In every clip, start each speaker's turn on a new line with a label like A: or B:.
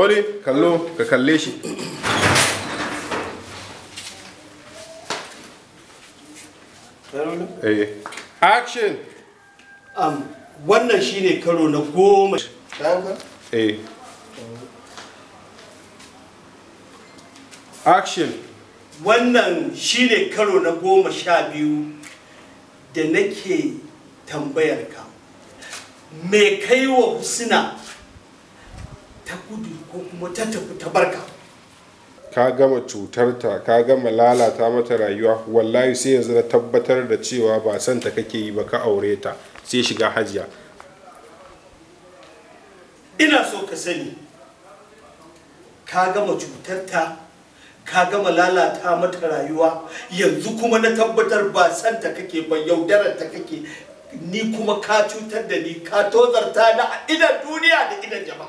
A: Dole kallo ka kalle shi. Eh. Action.
B: Um, wannan shine karo na goma. Eh. Action. Wannan shine karo na goma sha biyu da nake tambayar ka. Me kaiwa wa Husna ta gudu ko kuma ta tafi ta barka
A: ka gama cutarta ka gama lalata mata rayuwa wallahi sai yanzu na tabbatar da cewa ba san ta kake yi ba ka aure ta sai shiga hajiya
B: ina so ka sani ka gama cutarta ka gama lalata mata rayuwa yanzu kuma na tabbatar ba santa ta kake ba yaudarar ta kake ni kuma ka cutar da ni ka tozarta na idan duniya da idan jama'a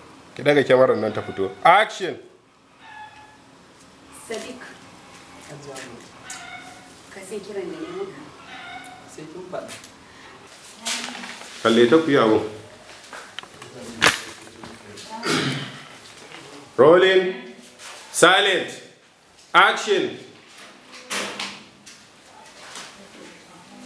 A: ki daga kyamarar nan ta fito action
B: sadiq ka sai kiran da ne sai kin faɗa
A: kalle ta ku yawo rolling silent action